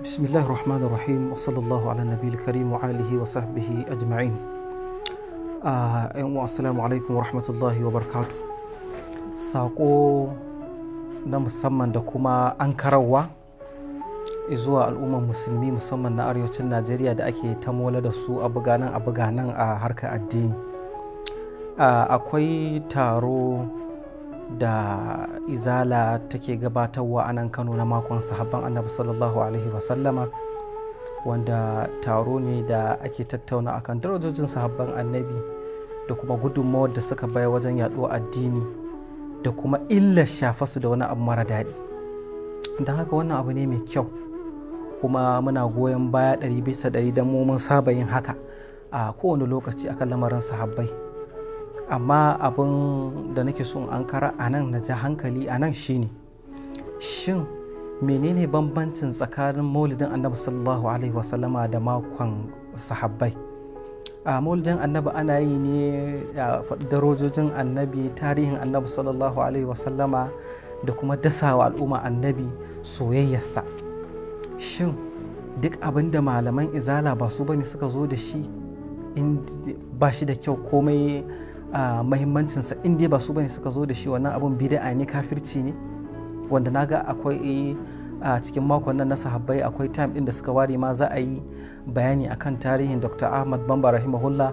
بسم الله الرحمن الرحيم وصلى الله على النبي الكريم وصحبه أجمعين آه السلام عليكم ورحمة الله وبركاته ساقو na musamman da kuma an karawa zuwa al'ummar musulmi musamman na arewacin najeriya da ake ta mola da su a buganan a buganan harkar addini ah, akwai taro da izala take gabatarwa a nan kano na makon sahabban annabi sallallahu alaihi wasallama wanda taro ne da ake tattauna akan darajojin sahabban annabi da kuma gudunmawar da suka baya wajen yaduwa addini da kuma illa shafa su da wani abu mara daɗi don haka wannan abu ne mai kyau kuma muna goyon baya ɗari bisa ɗari don mu mun saba yin haka a kowane lokaci akan lamarin sahabbai amma abin da nake so an kara a nan na ja hankali a nan shine shin menene bambancin tsakanin maulidin annabi sallallahu alaihi wasallama da makon sahabbai a maulidin annabi ana yi ne a darojojin annabi tarihin annabi sallallahu alaihi wasallama da kuma dasawa al'umma annabi soyayyarsa shin duk abin da malaman izala ba su bane suka zo da shi in ba shi da kyau komai a mahimmancinsa in dai ba su bane suka zo da shi wannan abun bida'a ne kafirci ne wanda naga akwai a cikin makon nan na sahabbai akwai time din da suka ware ma za a yi bayani akan tarihin dr ahmad bamba rahimahullah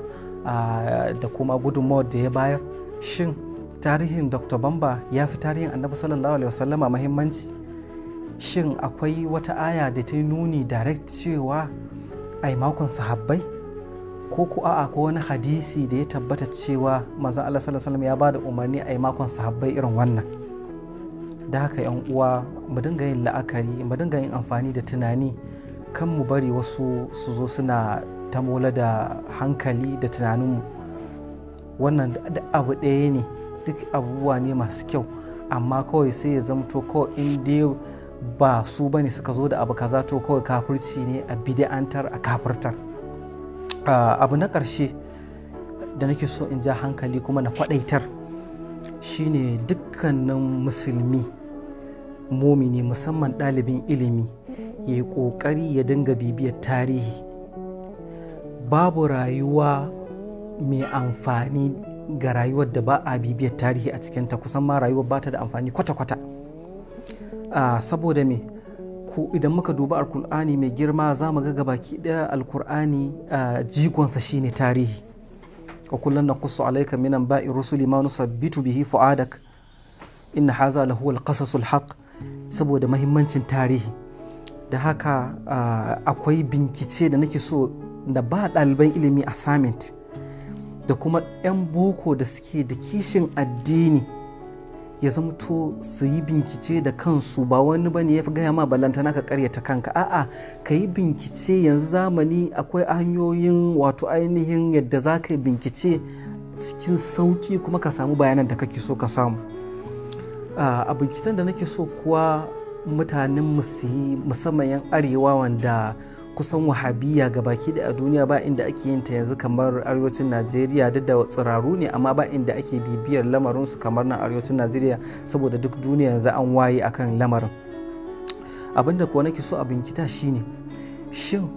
da kuma gudunmawar da ya bayar shin tarihin dr bamba ya fi tarihin annabi sallallahu alaihi wasallama mahimmanci shin akwai wata aya da ta nuni direct cewa ai makon sahabbai ko ku a'a ko wani hadisi da ya tabbata cewa manzon Allah sallallahu alaihi ya bada umarni a yi makon sahabbai irin wannan da haka yan uwa mu dinga yin la'akari mu dinga yin amfani da tunani kan mu bari wasu su zo suna ta mola da hankali da tunaninmu wannan da abu ɗaya ne duk abubuwa ne masu kyau amma kawai sai ya zamto kawai in dai ba su bane suka zo da abu kaza to kawai kafirci ne a bid'antar a kafirtar Ah, abu na ƙarshe da nake so in ja hankali kuma na kwaɗaitar shine dukkanin musulmi momini musamman ɗalibin ilimi ya yi ƙoƙari ya dinga bibiyar tarihi babu rayuwa mai amfani ga rayuwar da ba a bibiyar tarihi a cikin ta kusan ma rayuwar ba ta da amfani kwata-kwata ah, saboda me Ku idan muka duba alkur'ani mai girma za mu ga baki daya alkur'ani a jigonsa shine tarihi Ka kullum na kusa alaika minan ba'i rusuli ma nusabbitu bihi fu'adak inna haza lahu alqasasul haq saboda mahimmancin tarihi da haka akwai bincike da nake so da ba ɗaliban ilimi assignment da kuma 'yan boko da suke da kishin addini ya zamto su yi binkice da kansu ba wani bane ya fi gaya ma ballantana ka karyata kanka a'a ka yi binkice yanzu zamani akwai hanyoyin wato ainihin yadda za ka yi binkice cikin sauki kuma ka samu bayanan da kake so ka samu a binkicen da nake so kuwa mutanen musamman yan arewa wanda kusan wahabiya ga baki da a duniya ba inda ake yin ta yanzu kamar arewacin najeriya duk da tsiraru ne amma ba inda ake bibiyar lamarinsu kamar na arewacin najeriya saboda duk duniya yanzu an waye akan lamarin abinda kuwa nake so a bincika shine shin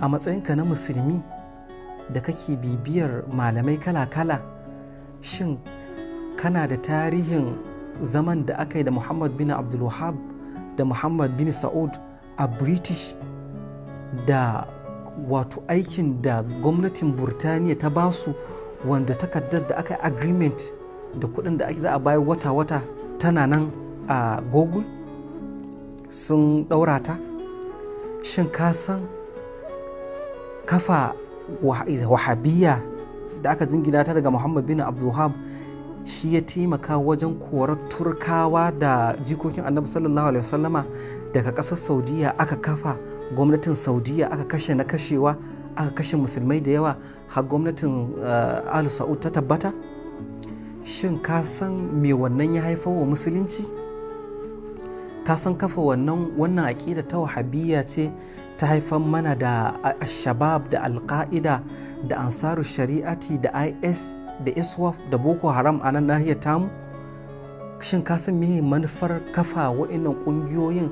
a matsayinka na musulmi da kake bibiyar malamai kala-kala shin kana da tarihin zaman da aka yi da muhammad bin abdulwahab da muhammad bin sa'ud a british da wato aikin da gwamnatin burtaniya ta basu wanda takardar da aka yi agreement da kudin da za a bayar wata-wata tana nan a google sun ɗaura ta shin ka san kafa wahabiya da aka jingina ta daga muhammad bin abdulhab shi ya taimaka wajen korar turkawa da jikokin annabi sallallahu alaihi wasallama daga ƙasar saudiya aka kafa gwamnatin saudiya aka kashe na kashewa aka kashe musulmai da yawa har gwamnatin eh, al sa'ud ta tabbata shin ka san me wannan ya haifar wa musulunci ka san kafa wannan wannan aƙida ta wahabiyya ce ta haifar mana da shabab da alka'ida da ansaru shari'ati da is da iswaf da boko haram a nan nahiyar tamu shin ka san me manufar kafa wa'innan ƙungiyoyin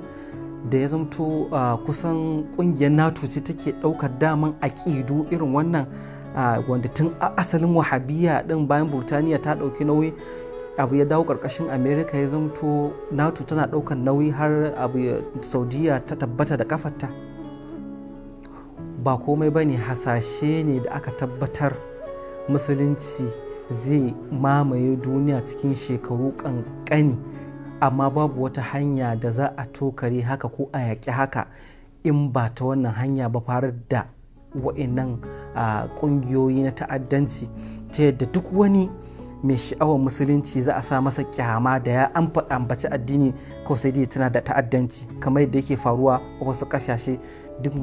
da ya zamto kusan kungiyar nato ce take ɗaukar daman aƙidu irin wannan wanda tun asalin wahabiya din bayan burtaniya ta dauki nauyi abu ya dawo karkashin america ya zamto nato tana ɗaukar nauyi har abu saudiya ta tabbata da kafarta ba komai ba ne hasashe ne da aka tabbatar musulunci zai mamaye duniya cikin shekaru kankani. amma babu wata hanya da za a tokare haka ko a yaƙi haka in ba ta wannan hanya ba fara da wa'annan ƙungiyoyi na ta'addanci ta yadda duk wani mai sha'awar musulunci za a sa masa kyama da ya ambaci addini ko sai dai tana da ta'addanci kamar yadda yake faruwa a wasu ƙasashe duk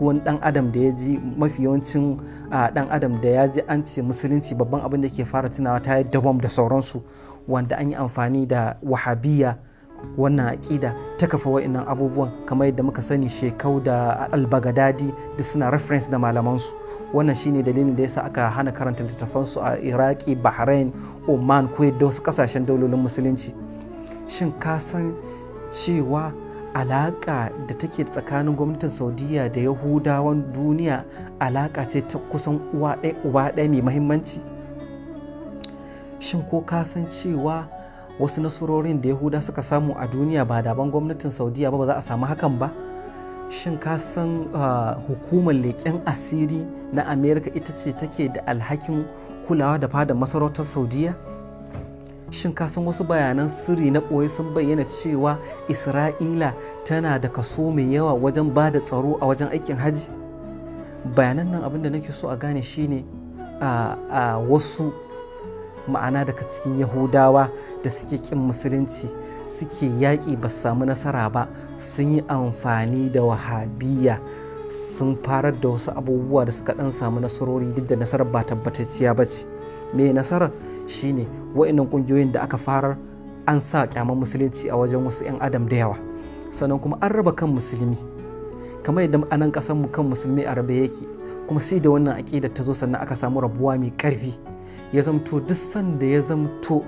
wani dan adam da ya ji mafi yawancin dan adam da ya ji an ce musulunci babban abin da ke fara tunawa ta yi dabam da sauransu wanda an yi amfani da wahabiya wannan aƙida ta kafa wa'innan abubuwan kamar yadda muka sani shekau da albagadadi da suna reference da malamansu wannan shine dalilin da yasa aka hana karanta littattafansu a iraki bahrain oman ko yadda wasu kasashen daulolin musulunci shin ka san cewa alaƙa da take tsakanin gwamnatin saudiya da yahudawan duniya alaƙa ce ta kusan uwa ɗaya mai mahimmanci shin ko ka san cewa wasu nasarorin da yahuda suka samu a duniya ba daban gwamnatin saudiya ba ba za a samu hakan ba shin ka san ah, hukumar leƙen asiri na amerika ita ce take da alhakin kulawa da fadar masarautar saudiya shin ka san wasu bayanan sirri na ɓoye sun bayyana cewa isra'ila tana da kaso mai yawa wajen ba da tsaro a wajen aikin hajji bayanan nan abin da nake so a gane shine a ah, ah, wasu ma'ana daga cikin yahudawa da suke ƙin musulunci suke yaƙi ba su samu nasara ba sun yi amfani da wahabiya sun farar da wasu abubuwa da suka ɗan samu nasarori duk da nasarar ba tabbatacciya ba ce me nasarar shine wa'annan ƙungiyoyin da aka farar an sa ƙyaman musulunci a wajen wasu 'yan adam da yawa sannan kuma an raba kan musulmi kamar yadda anan ƙasar mu kan musulmi a rabe yake kuma sai da wannan aƙidar ta zo sannan aka samu rabuwa mai ƙarfi ya zamto duk sanda ya zamto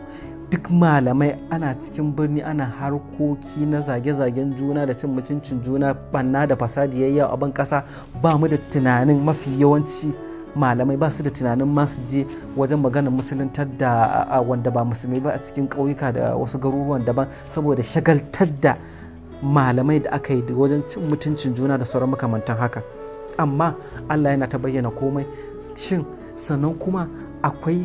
duk malamai ana cikin birni ana harkoki na zage-zagen juna da cin mutuncin juna banna da fasadi yayya a ban kasa ba mu da tunanin mafi yawanci malamai ba su da tunanin masu je wajen maganar musuluntar da wanda ba musulmi ba a cikin ƙauyuka da wasu garuruwan daban saboda shagaltar da malamai da aka yi wajen cin mutuncin juna da sauran makamantan haka amma allah yana ta bayyana komai shin sannan kuma akwai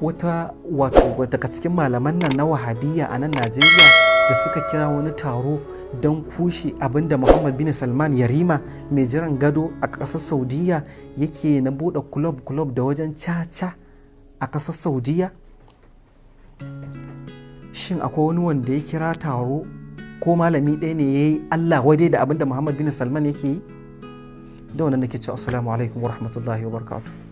wata wato daga cikin malaman nan na wahabiyya a nan najeriya da suka kira wani taro don kushe abinda muhammad bin salman yarima mai jiran gado a ƙasar saudiya yake na buɗe kulob-kulob da wajen caca a ƙasar saudiya shin akwai wani wanda ya kira taro ko malami ɗaya ne ya yi allah wadai da abinda muhammad bin salman yake yi da wannan nake cewa assalamu alaikum wa rahmatullahi